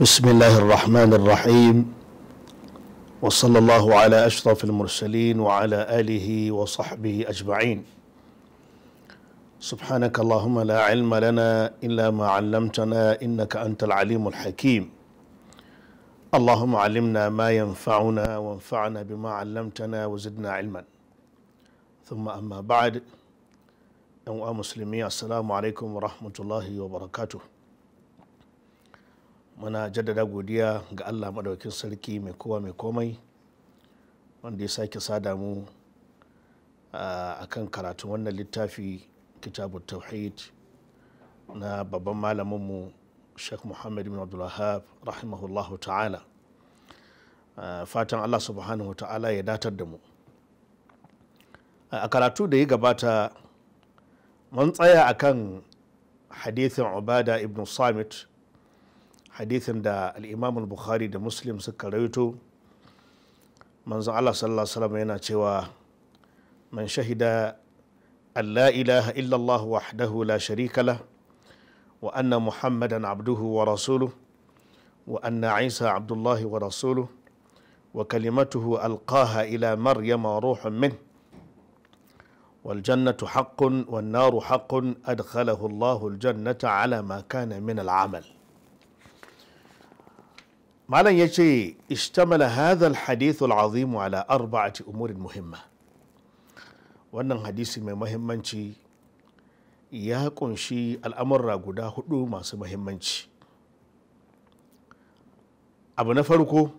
بسم الله الرحمن الرحيم وصلى الله على اشرف المرسلين وعلى اله وصحبه اجمعين سبحانك اللهم لا علم لنا الا ما علمتنا انك انت العليم الحكيم اللهم علمنا ما ينفعنا وانفعنا بما علمتنا وزدنا علما ثم اما بعد أمة مسلمي السلام عليكم ورحمه الله وبركاته muna jaddada godiya ga allah maɗaukin sarki mai kowa mai komai wanda ya sake sada mu a kan karatun wannan littafi kitabu tauhid na babban malaminmu sheikh muhammad bin abdullahab rahimahullahu ta'ala fatan allah subhanahu ta'ala ya datar da mu a karatu da ya gabata mun tsaya a kan hadithin ubada ibn samit حديثنا الإمام البخاري المسلم سكريتو من زعل صلى الله عليه وسلم هنا شوى من شهد أن لا إله إلا الله وحده لا شريك له وأن محمدا عبده ورسوله وأن عيسى عبد الله ورسوله وكلمته ألقاها إلى مريم روح منه والجنة حق والنار حق أدخله الله الجنة على ما كان من العمل malam ya ce ishtamala hadhal hadithul azimu ala arba'ati umurin muhimma wannan hadisi mai mahimmanci ya kunshi al'amurra guda hudu masu mahimmanci abu na farko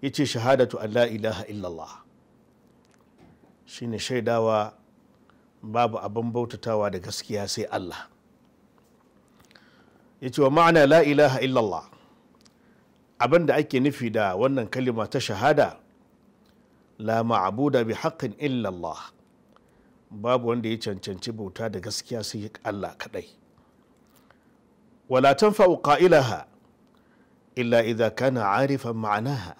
ya ce shahadatu allah ilaha illallah shine shaidawa babu abin bautatawa da gaskiya sai allah ya ce wa ma'ana la ilaha illallah abin da ake nufi da wannan kalima ta shahada la ma'abuda bi haqqin illallah babu wanda ya cancanci bauta da gaskiya sai Allah kaɗai. wala tanfa'u qa'ilaha illa idza kana 'arifan ma'anaha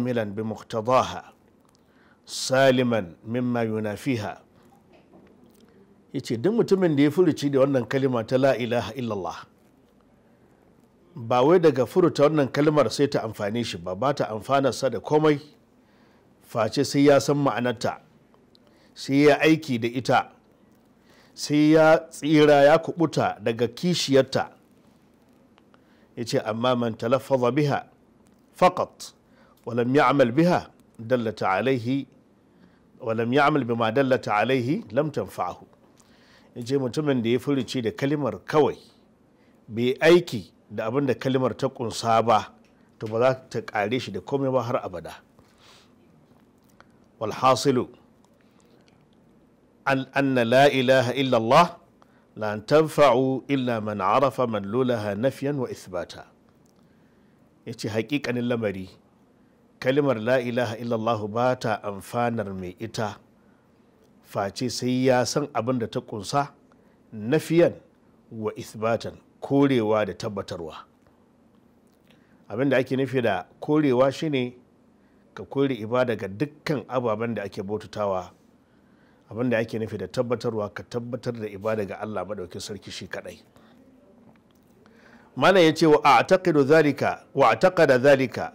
bi بمقتضاها saliman mimma yunafiha yace duk mutumin da ya furuci da wannan kalima ta la ilaha illallah ba wai daga furuta wannan kalmar sai ta amfani shi ba ba ta amfanarsa da komai face sai ya san ma'anarta sai ya aiki da ita sai ya tsira ya kubuta daga kishiyarta ya ce amma man talaffaza biha faqat walam ya'mal biha dallata alaihi walam ya'mal bima dallata alaihi lam tanfa'ahu ya ce mutumin da ya furuci da kalimar kawai bai aiki da abin da kalmar ta kunsa ba to ba za ta kare shi da komai ba har abada walhasilu an anna la ilaha illallah la tanfa'u illa man arafa lulaha nafyan wa isbata yace hakikanin lamari kalimar la ilaha illallah ba ta amfanar mai ita face sai ya san abin da ta kunsa nafiyan wa isbatan korewa da tabbatarwa abinda ake nufi da korewa shine ka kore ibada ga dukkan ababen da ake bautatawa abinda ake nufi da tabbatarwa ka tabbatar da ibada ga Allah madaukin sarki shi kadai malam yace ce wa a'taqidu zalika wa a'taqada zalika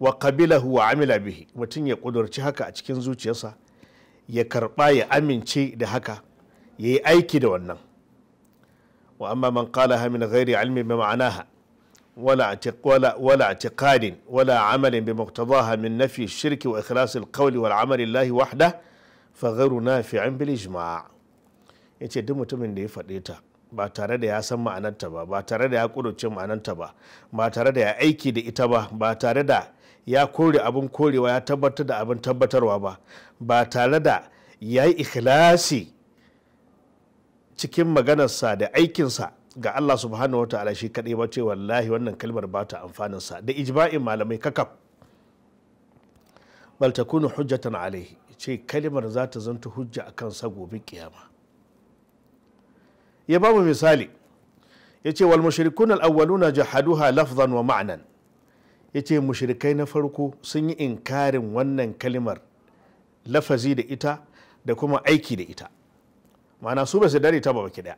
wa qabilahu wa amila bihi mutum ya kudurci haka a cikin zuciyarsa ya karba ya amince da haka yayi aiki da wannan وأما من قالها من غير علم بمعناها ولا ولا ولا اعتقاد ولا عمل بمقتضاها من نفي الشرك وإخلاص القول والعمل لله وحده فغير نافع بالإجماع yace duk mutumin da ya faɗe ta ba tare da ya san ma'anarta ba ba tare da ya ƙudurce ma'anarta ba ba tare da ya aiki da ita ba ba tare da ya kore abin korewa ya tabbatar da abin tabbatarwa ba ba tare da ya yi ikhlasi cikin maganarsa da aikinsa ga Allah subhanahu ta'ala shi kaɗai ba ce wallahi wannan kalmar ba ta amfaninsa da ijma'in malamai kakaf bal kunu hujjatan alaihi ce kalmar za ta zanta hujja a kansa gobe kiyama ya ba mu misali ya ce wal mushrikun al-awwaluna jahaduha lafzan wa ma'anan, ya ce mushrikai na farko sun yi inkarin wannan kalmar lafazi da ita da kuma aiki da ita ma'ana su ba su dare ta ba baki daya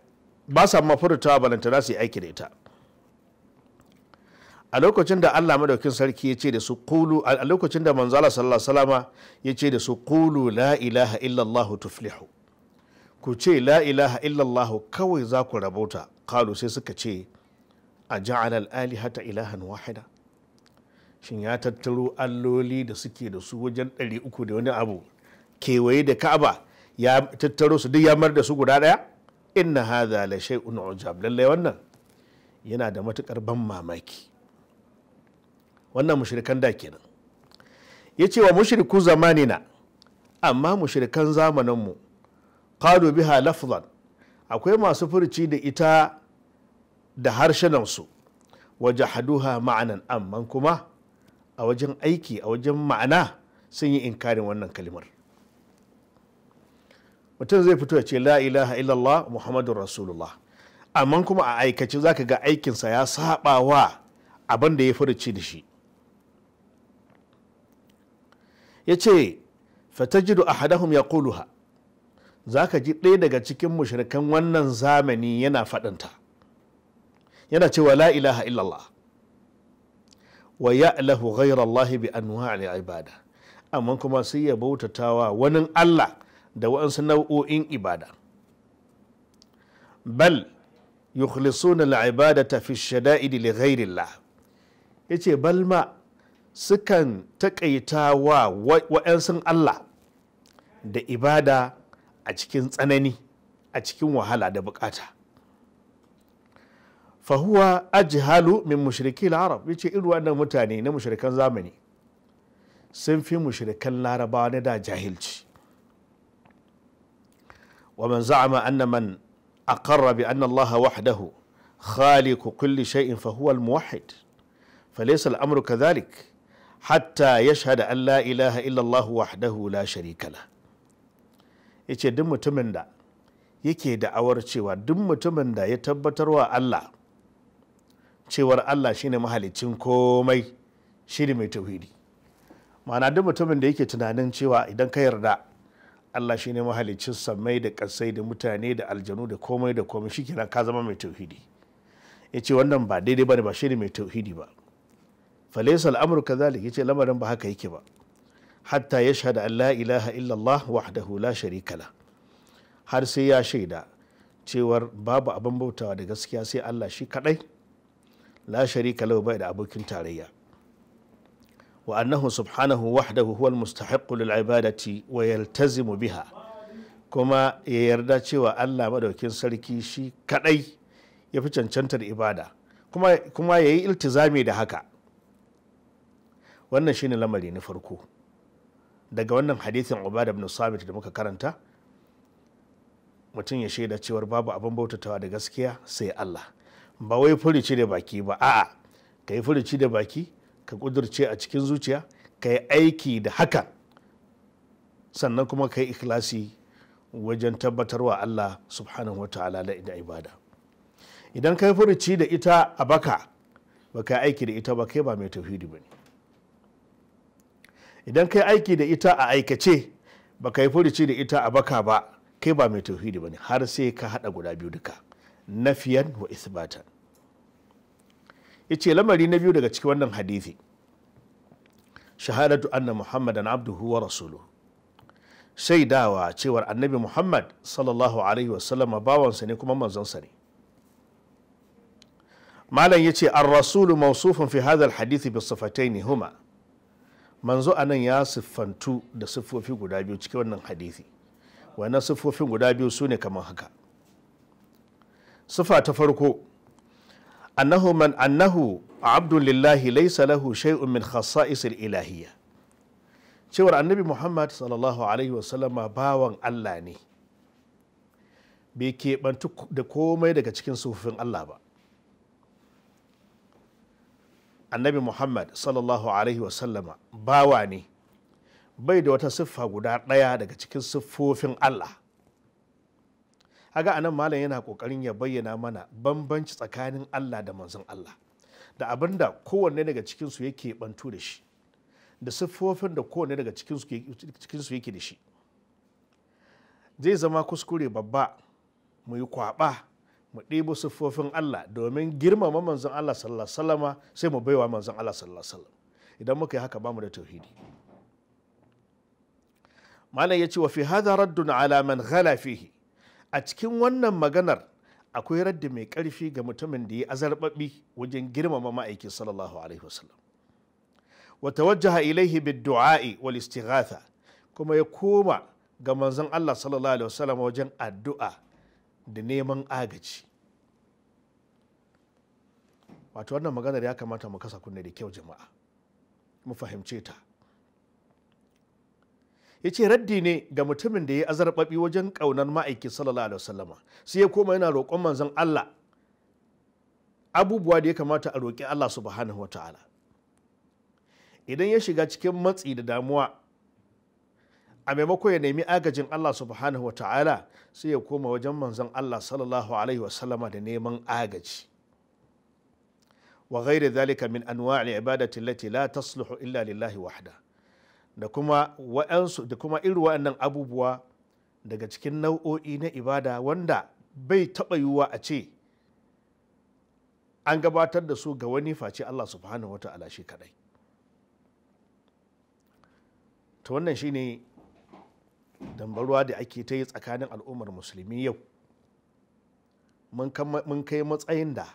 ba sa balanta za su yi aiki da ita a lokacin da Allah madaukin sarki ya ce da su qulu a lokacin da manzala sallallahu alaihi wasallama ya ce da su qulu la ilaha illallah tuflihu ku ce la ilaha illallah kawai za ku rabota kalu sai suka ce a ja'ala al-alihata ilahan wahida shin ya tattaro alloli da suke da su wajen ɗari uku da wani abu kewaye da ka'aba ya tattaro su duk ya mar da su guda ɗaya inna hadha la shay'un ujab lalle wannan yana da matukar ban mamaki wannan mushrikan da kenan ya ce wa mushriku na amma mushrikan mu qalu biha lafzan akwai masu furci da ita da harshenan waje haduha ma'anan amman kuma a wajen aiki a wajen ma'ana sun yi inkarin wannan kalimar mutum zai fito ya ce la ilaha illallah muhammadun rasulullah amma kuma a aikace zaka ga aikinsa ya saba wa abinda ya furuci da shi ya ce fatajidu ahadahum ya ha za ka ji ɗaya daga cikin mushrikan wannan zamani yana faɗanta yana cewa la ilaha illallah wa ya'lahu ghayra ghairallah bi anwa'il ibada amma kuma sai ya bautatawa wani Allah da waɗansu nau'o'in ibada bal yukhlisuna al'ibadata fi shada'idi li ghairillah yace bal ma sukan taƙaita wa waɗansu Allah da ibada a cikin tsanani a cikin wahala da bukata fahuwa ajhalu min larab. Ya yace irin wannan mutane na mushrikan zamani sun fi mushrikan larabawa na da jahilci ومن زعم أن من أقر بأن الله وحده خالق كل شيء فهو الموحد فليس الأمر كذلك حتى يشهد أن لا إله إلا الله وحده لا شريك له yace duk mutumin da yake da'awar cewa duk mutumin da ya tabbatar wa Allah cewar Allah shine mahalicin komai shine mai tauhidi ma'ana duk mutumin da yake tunanin cewa idan ka yarda Allah shi ne mahalicin samai da ƙasai da mutane da aljanu da komai da komai shi kenan ka zama mai tauhidi ya ce wannan ba daidai ba ne ba shi ne mai tauhidi ba falaisa al'amur ka zalik ya ce lamarin ba haka yake ba hatta ya shahada Allah la ilaha illallah wahdahu la sharika la har sai ya shaida cewar babu abin bautawa da gaskiya sai Allah shi kadai la sharika lahu bai da abokin tarayya Wa annahu وأنه سبحانه وحده هو المستحق للعبادة biha. Kuma ya yarda cewa Allah madaukin sarki shi kadai ya fi cancantar ibada kuma kuma yayi iltizami da haka wannan shine lamari na farko daga wannan hadithin Ubad ibn sabit da muka karanta mutum ya shaida cewar babu abin bautatawa da gaskiya sai Allah ba wai furici da baki ba a'a ka yi da baki ka ƙudurce a cikin zuciya ka yi aiki da haka sannan kuma ka yi ikilasi wajen tabbatarwa Allah subhanahu wa ta'ala da ibada idan ka yi furuci da ita a baka ba ka aiki da ita ba kai ba mai tauhidi ba idan ka yi aiki da ita a aikace ba ka yi furuci da ita a baka ba kai ba mai tauhidi ba ne har sai ka haɗa guda biyu duka nafiyan wa isbatan yace lamari na biyu daga cikin wannan hadisi shahadatu anna muhammadan abduhu wa rasuluhu shaidawa cewar annabi muhammad sallallahu alaihi wasallama bawansa ne kuma manzonsa ne malam ce ar-rasulu mawsufun fi hadha al-hadith bi sifatayn huma manzo anan ya siffantu da siffofi guda biyu cikin wannan hadithi. wannan siffofin guda biyu sune kamar haka sifa ta farko annahu man annahu abdun lillahi lahu shay'un min khasa'isil ilahiyya cewa annabi muhammad sallallahu alaihi wasallama bawan allah ne bai keɓantu da komai daga cikin sufin allah ba annabi muhammad sallallahu alaihi sallam bawa ne bai da wata siffa guda ɗaya daga cikin siffofin allah haga anan malam yana kokarin ya bayyana mana bambanci tsakanin Allah da manzon Allah da abin da kowanne daga cikin yake bantu da shi da siffofin da kowanne daga cikin yake da shi zai zama kuskure babba mu yi kwaba mu ɗebo siffofin Allah domin girmama manzon Allah sallallahu sai mu baiwa manzon Allah sallallahu idan muka yi haka ba mu da tauhidi malam ya ce wa fi hada raddun ala man ghala fihi a cikin wannan maganar akwai raddi mai ƙarfi ga mutumin da ya azarbabi wajen girmama ma'aikin sallallahu alaihi wasallam wa tawajjaha ilaihi bid-du'a'i wal istighatha kuma ya koma ga manzon Allah sallallahu alaihi wasallam wajen addu'a da neman agaji wato wannan maganar ya kamata mu kasa kunne da kyau jama'a mu fahimce ta ya ce raddi ne ga mutumin da ya azarbabi wajen ƙaunar ma'aiki sallallahu alaihi wasallama sai ya koma yana roƙon manzon Allah abubuwa da ya kamata a roƙi Allah subhanahu wa idan ya shiga cikin matsi da damuwa a maimako ya nemi agajin Allah subhanahu wa sai ya koma wajen manzon Allah sallallahu alaihi wasallama da neman agaji wa ghairi zalika min anwa'i ibadati allati la tasluhu illa lillahi wahda da kuma wa'ansu da kuma irin wa'annan abubuwa daga cikin nau'o'i na ibada wanda bai taɓa yiwuwa a ce an gabatar da su ga wani face Allah subhanahu wa shi kadai ta wannan shine dambarwa da ake ta yi tsakanin al'ummar musulmi yau mun kai matsayin da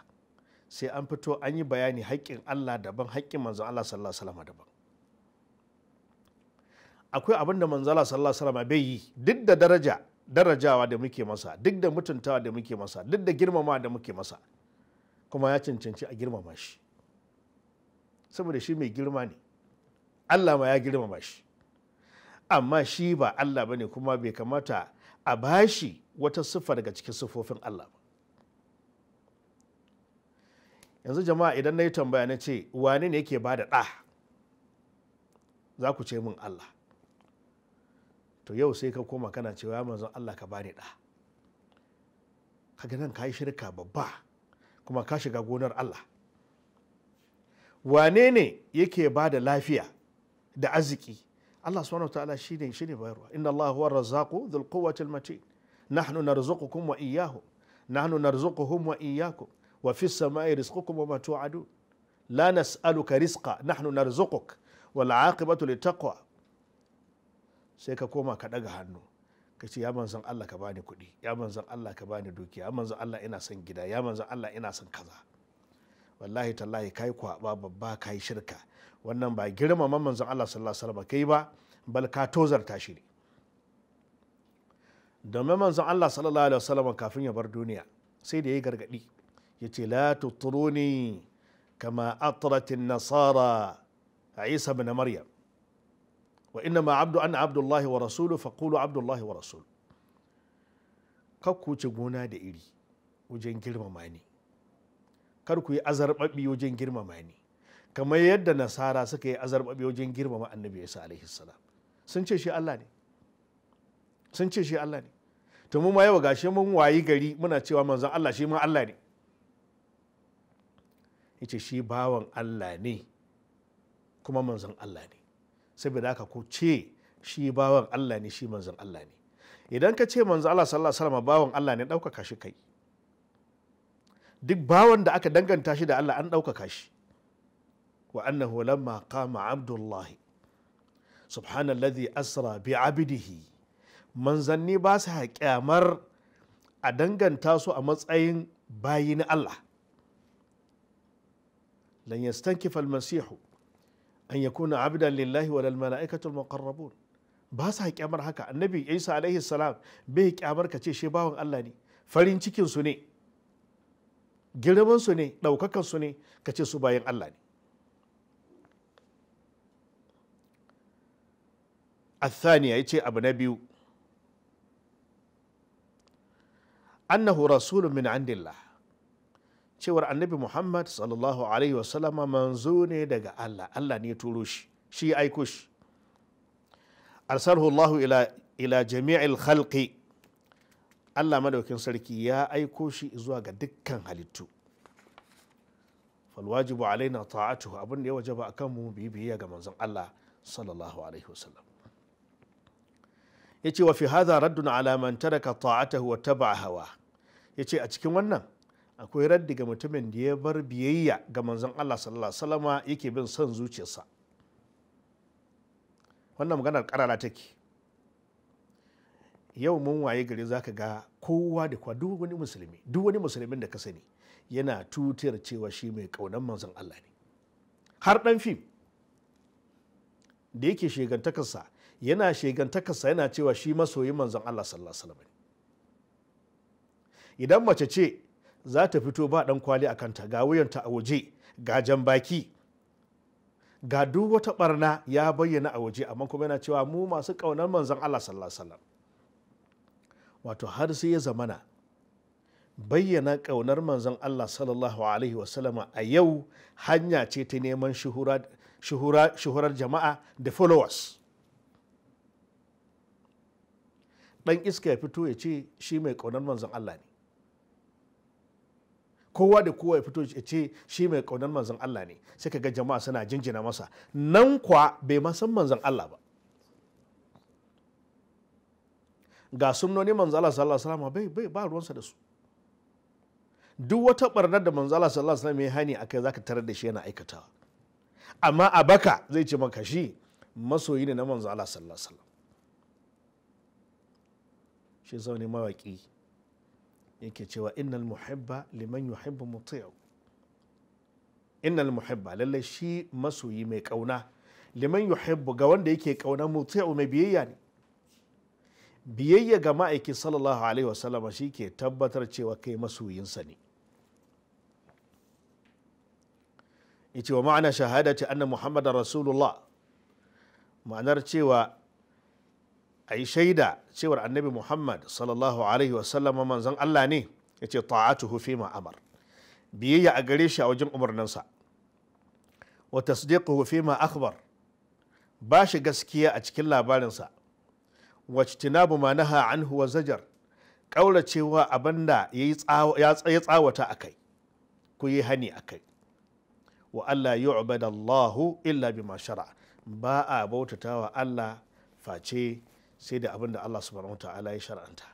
sai an fito an yi bayani haƙƙin Allah daban haƙƙin manzon Allah sallallahu alaihi wasallam daban akwai abin da manzala sallallahu alaihi bai yi duk da daraja darajawa da muke masa duk da mutuntawa da muke masa duk da girmama da muke masa kuma ya cancanci a girmama shi saboda shi mai girma ne Allah ma ya girmama shi amma shi ba Allah bane kuma bai kamata a bashi wata siffa daga cikin siffofin Allah ba yanzu jama'a idan na yi tambaya na ce wane ne yake ba da ɗa za ku ce min Allah to yau sai ka koma kana cewa ya manzon Allah ka bani da kaga nan ka yi shirka babba kuma ka shiga gonar Allah wane ne yake ba da lafiya da arziki Allah subhanahu ta'ala shi ne shi ne bayarwa inna Allah huwa razzaqu dhul quwwati matin nahnu narzuqukum wa iyyahum nahnu narzuquhum wa iyyakum wa fis samai rizqukum wa ma tu'adun la nas'aluka rizqa nahnu narzuquk wal aqibatu takwa. sai ka koma ka ɗaga hannu ka ce ya manzan Allah ka bani kuɗi ya manzan Allah ka bani dukiya ya manzan Allah ina son gida ya manzan Allah ina son kaza wallahi tallahi kai kwaba babba kai shirka wannan ba girmama manzan Allah sallallahu alaihi wasallam kai ba bal ka tozarta shi ne domin manzon Allah sallallahu alaihi wasallam kafin ya bar duniya sai da ya gargadi ya ce la tuturuni kama atratin nasara a isa bin maryam wa inna ma abdu anna abdullahi wa rasulu fa qulu abdullahi wa rasul kar ku wuce gona da iri wajen girmama ni kar ku yi azarbabi wajen girmama ni kamar yadda nasara suka yi azarbabi wajen girmama annabi isa alaihi salam sun ce shi Allah ne sun ce shi Allah ne to mu ma yawa gashi mun wayi gari muna cewa manzon Allah shi ma Allah ne yace shi bawan Allah ne kuma manzon Allah ne saboda haka ku ce shi bawan Allah ne shi manzon Allah ne idan ka ce manzan Allah sallallahu alaihi wasallam bawan Allah ne ɗaukaka shi kai duk bawan da aka danganta shi da Allah an ɗaukaka shi wa annahu lamma qama abdullahi subhanallazi asra bi abdihi manzanni ba su kyamar a danganta su a matsayin bayi na Allah lan yastankifa almasihu an kuna abdan lillahi wa lalmala'ikatul muqarrabun ba sa kyamar haka annabi isa alaihi salam bai kyamar ka ce shi bawan allah ne farin cikin su ne girman su ne ɗaukakan su ne ka ce su bayan allah ne الثانية يتي أبو نبيو أنه رسول من عند الله cewar annabi muhammad sallallahu alaihi wasallama manzo ne daga allah allah ne turo shi shi aiko shi arsalhu allahu ila, ila jami'il khalqi allah madaukin sarki ya aiko shi zuwa ga dukkan halittu falwajibu alaina ta'atu abin da ya wajaba a kanmu bibiya ga manzon allah sallallahu alaihi wasallam ya ce wa fi hadha raddun ala man taraka ta'atahu wa taba hawa ya ce a cikin wannan akwai raddi ga mutumin da ya bar biyayya ga manzon Allah sallallahu alaihi wasallam yake bin son zuciyarsa wannan maganar karara take yau mun waye gari zaka ga kowa da kowa duk wani musulmi duk wani musulmin da ka sani yana tutiyar cewa shi mai kaunan manzon Allah ne har dan fim da yake shegantakarsa yana shegantakarsa yana cewa shi masoyin manzon Allah sallallahu alaihi wasallam idan mace ce za ta fito ba ɗan kwali a kanta ga wuyanta a waje ga jan baki ga duk wata barna ya bayyana a waje amma kuma yana cewa mu masu ƙaunar manzon Allah sallallahu wato har sai ya zamana bayyana ƙaunar manzon Allah sallallahu alaihi wasallama a yau hanya ce ta neman shuhurar jama'a da followers ɗan iska ya fito ya ce shi mai ƙaunar manzon Allah ne kowa da kowa ya fito ya ce shi mai kaunar manzon Allah ne sai ka ga jama'a suna jinjina masa nan kwa bai ma san manzon Allah ba ga sunnoni manzon Allah sallallahu alaihi wasallam bai bai ba ruwansa da su duk wata barnar da manzon Allah sallallahu alaihi wasallam ya hani akai zaka tarar da shi yana aikatawa amma a baka zai ce maka shi masoyi ne na manzon Allah sallallahu alaihi wasallam shi zaune mawaki yake cewa innal muhibba liman yuhibbu muti'u innal muhibba lalle shi masoyi mai kauna liman yuhibbu ga wanda yake kauna muti'u mai biyayya ne biyayya ga ma'aiki sallallahu alaihi wasallam shi ke tabbatar cewa kai masoyinsa ne yace wa ma'ana shahadati anna muhammadar rasulullah ma'anar cewa a yi shaida cewar annabi muhammad sallallahu alaihi wasallam manzon allah ne ya ce ta'atuhu fi ma'amar biyayya a gare shi a wajen umarninsa wa tasdiquhu fi ma akhbar ba shi gaskiya a cikin labarinsa wa tunabu ma naha anhu wa zajar kauracewa abinda ya tsawata akai ku yi hani akai wa Allah yu'badallahu illa bima shara ba a bautatawa Allah face sai da abin da Allah subhanahu wa ta'ala ya shar'anta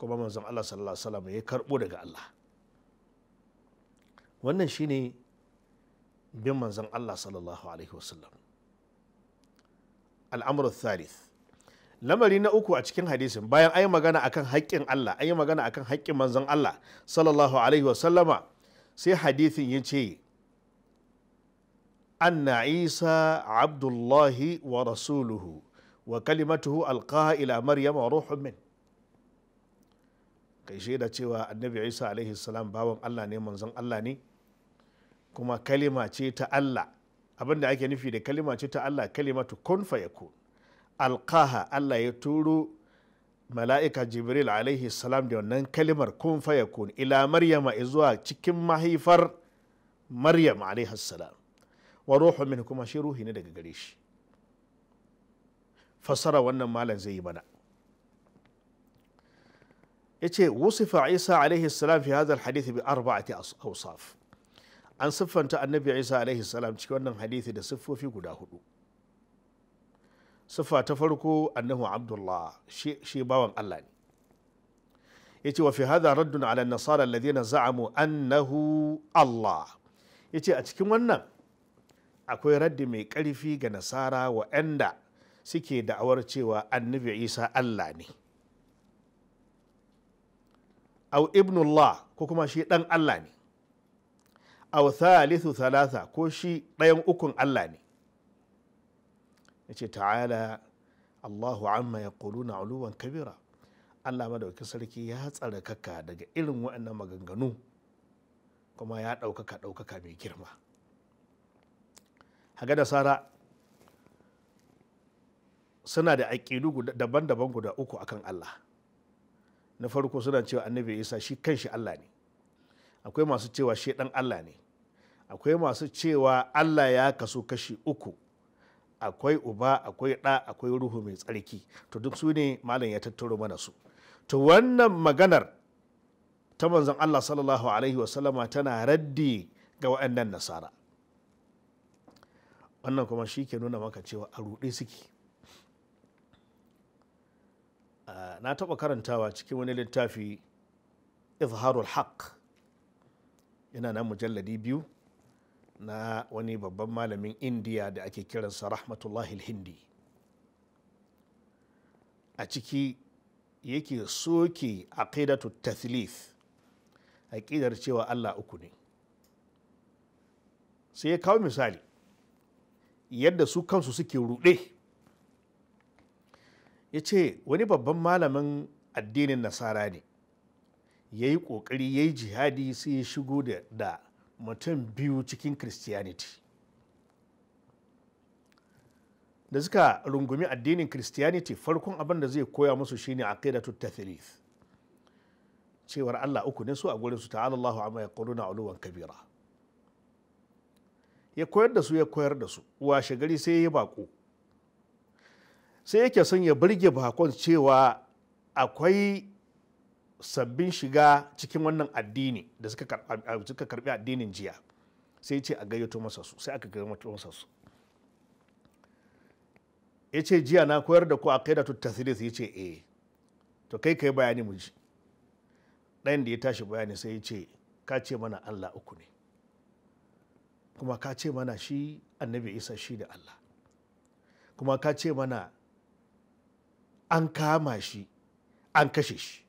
kuma manzon Allah sallallahu alaihi wasallam ya karbo daga Allah wannan shine bin manzon Allah sallallahu alaihi wasallam thalith lamari na uku a cikin hadisin bayan ayi magana akan haƙƙin Allah ayi magana akan haƙƙin manzon Allah sallallahu alaihi wasallama sai hadisin ya ce anna isa abdullahi wa rasuluhu wa kalimatuhu alqaha ila maryam wa min kai shaida cewa annabi isa alaihi salam bawan allah ne manzon allah ne kuma kalima ce ta allah abinda ake nufi da kalima ce ta allah kalimatu kun fa yaku alqaha allah ya turo mala'ika jibril alaihi salam da wannan kalimar kun fa yaku ila maryama zuwa cikin mahaifar maryam alaihi salam wa ruhu min kuma shi ruhi ne daga gare shi fassara wannan malam zai yi mana yace wusufa isa alaihi salam fi hadha hadithi bi arba'ati awsaf an siffanta annabi isa alaihi salam cikin wannan hadithi da siffofi guda hudu siffa ta farko annahu abdullah shi bawan allah ne yace wa fi hadha raddun ala nasara alladhina za'amu annahu allah yace a cikin wannan akwai raddi mai karfi ga nasara wa'anda suke da'awar cewa annabi isa allah ne Au ibnullah ko kuma shi ɗan allah ne aw thalithu thalatha ko shi ɗayan ukun allah ne yace ta'ala allahu amma na uluwan kabira allah madaukin sarki ya kaka daga irin waɗannan maganganu kuma ya ɗaukaka ɗaukaka mai girma haga da sara suna da aƙidu daban-daban guda uku akan Allah na farko suna cewa annabi isa shi kanshi Allah ne akwai masu cewa shi ɗan Allah ne akwai masu cewa Allah ya kasu kashi uku akwai uba akwai ɗa akwai ruhu mai tsarki to duk su ne malam ya tattaro mana su to wannan maganar ta manzon Allah sallallahu alaihi wasallama tana raddi ga waɗannan nasara wannan kuma shi ke nuna maka cewa a ruɗe suke Ah, na taɓa karantawa cikin wani littafi izharul haq yana nan mujalladi biyu na wani babban malamin indiya da ake kiransa rahmatullahi hindi a ciki yake soke aqidatu tathlif aƙidar cewa allah uku ne sai ya kawo misali yadda su kansu suke ruɗe ya ce wani babban malamin addinin nasara ne ya yi ƙoƙari ya yi jihadi sai ya shigo da mutum biyu cikin christianity da suka rungumi addinin christianity farkon abin da zai koya musu shine a aqidatu tathrith cewar Allah uku ne su a gurin su ta'ala Allahu amma uluwan kabira ya koyar da su ya koyar da su washe gari sai ya yi baƙo. sai yake son ya burge bakon cewa akwai sabbin shiga cikin wannan addini da suka karbi addinin jiya sai ce a gayyato masa su sai aka gayyato masa su ya ce jiya na koyar da ku a kai da tattasiri ya ce eh to kai kai bayani mu ji ɗayan da ya tashi bayani sai ya ce ka ce mana allah uku ne kuma ka ce mana shi annabi isa shi da allah kuma ka ce mana an kama shi an kashe shi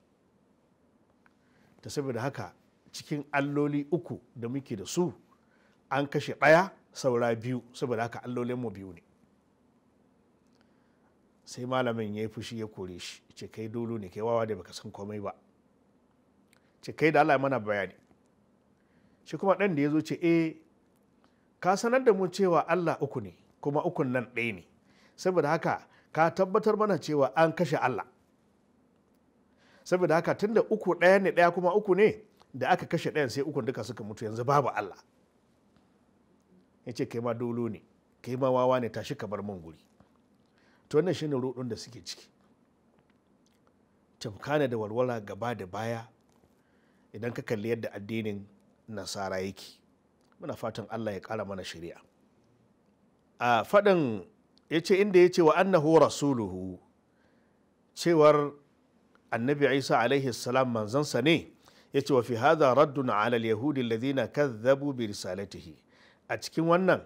ta saboda haka cikin alloli uku da muke da su an kashe ɗaya saura biyu saboda haka mu biyu ne sai malamin ya yi fushi ya kore shi ce kai dolo ne kai wawa da baka san komai ba ce kai da Allah mana bayani shi kuma ɗan da ya zo ce eh ka sanar da mu cewa Allah uku ne kuma ukun nan ɗaya ne saboda haka ka tabbatar mana cewa an kashe Allah saboda haka tunda uku ɗaya ne ɗaya kuma uku ne da aka kashe ɗayan sai ukun duka suka mutu yanzu babu Allah yace kai ma dolo ne kai ma wawa ne tashi ka bar mun guri to wannan shine ruɗun da suke ciki tamkana da walwala gaba da baya idan ka kalli yadda addinin nasara yake muna fatan Allah ya kara mana shari'a a faɗin ya ce inda ya ce wa annahu rasuluhu cewar annabi isa alaihi salam manzansa ne ya ce wa fi hada raddun ala yahudi alladhina kadhabu bi risalatihi a cikin wannan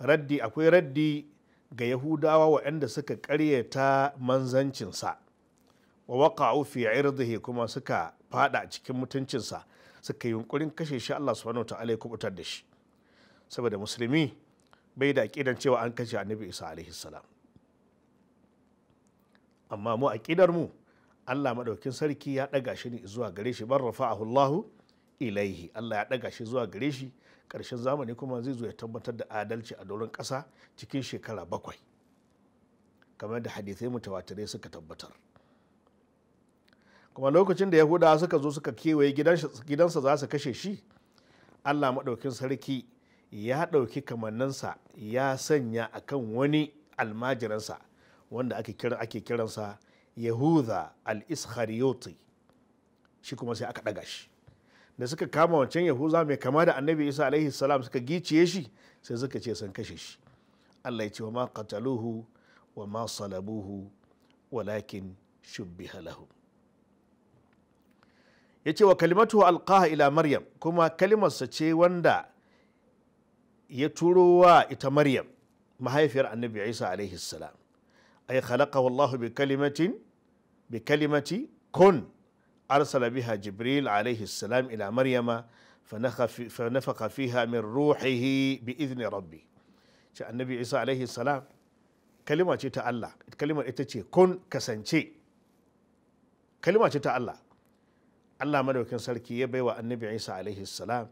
raddi akwai raddi ga yahudawa waɗanda suka ƙaryata manzancinsa wa waqa'u fi irdihi kuma suka fada cikin mutuncinsa suka yi yunkurin kashe shi Allah subhanahu wa ta'ala ya da shi saboda musulmi bai da aƙidan cewa an kashe annabi isa alaihi salam amma mu aƙidar mu Allah maɗaukin sarki ya ɗaga shi ne zuwa gare shi bar rafa'ahu Allah ilaihi Allah ya ɗaga shi zuwa gare shi ƙarshen zamani kuma zai zo ya tabbatar da adalci a doron ƙasa cikin shekara bakwai kamar da hadithai mutawatirai suka tabbatar kuma lokacin da yahudawa suka zo suka kewaye gidansa za su kashe shi Allah maɗaukin sarki ya ɗauki kamanninsa ya sanya akan wani almajiransa wanda ake kiransa yahuda al-iskariyoti shi kuma sai aka ɗaga shi da suka kama wancan yahuza mai kama da annabi isa alaihi salam suka giciye shi sai suka ce sun kashe shi allah ya ce wa ma qataluhu wa ma salabuhu walakin shubbiha lahu ya ce wa kalimatu alqaha ila maryam kuma kalimarsa ce wanda ya turo wa ita maryam mahaifiyar annabi isa alaihi salam ay khalaqahu wallahu bi kalimatin bi kalimati kun arsala biha jibril alaihi salam ila maryama فنفخ فيها من bi بإذن ربي ce annabi isa alaihi salam kalima ce ta allah kalimar ita ce kun kasance kalima ce ta allah allah madaukin sarki ya baiwa annabi isa alaihi salam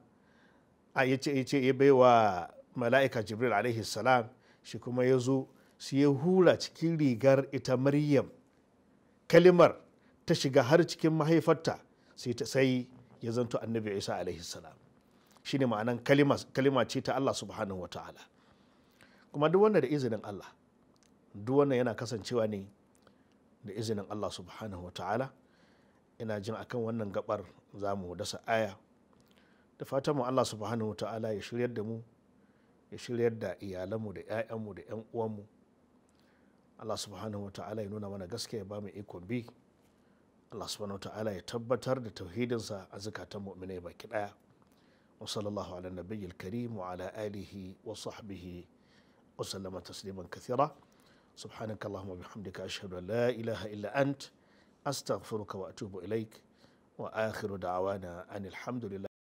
a ya ce ya bai wa mala'ika jibril alaihi salam shi kuma ya zo su ya hura cikin rigar ita maryam kalimar ta shiga har cikin mahaifarta sai ta sai ya zanto annabi isa alaihi salam shi ne ma'anan kalima ce ta allah subhanahu wa ta'ala kuma duk wanda da izinin allah duk wannan yana kasancewa ne da izinin allah subhanahu wa ta'ala ina jin akan wannan gabar za mu dasa aya da fatan mu Allah subhanahu wa ta'ala ya shiryar da mu ya shiryar da iyalanmu da 'ya'yanmu da 'yan uwanmu Allah subhanahu wa ta'ala ya nuna mana gaskiya ya ba mu ikon bi Allah subhanahu wa ta'ala ya tabbatar da tauhidinsa a zakatan mu'minai baki daya wa sallallahu ala nabiyyil karim wa ala alihi wa sahbihi wa sallama tasliman kathira سبحانك اللهم وبحمدك أشهد أن لا إله إلا أنت أستغفرك وأتوب إليك وآخر دعوانا أن الحمد لله